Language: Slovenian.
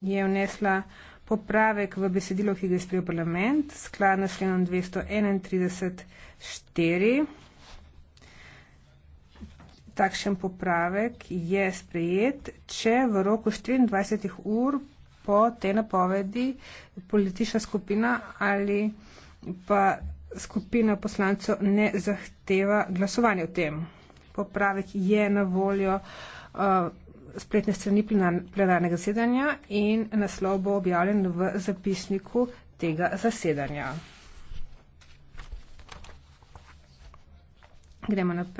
je vnesla popravek v besedilo, ki ga je sprejel parlament, skladno s členom 231.4. Takšen popravek je sprejet, če v roku 24 ur po tej napovedi politična skupina ali pa skupina poslancev ne zahteva glasovanja o tem. Popravek je na voljo uh, spletne strani plenarnega zasedanja in naslov bo objavljen v zapisniku tega zasedanja. Gremo naprej.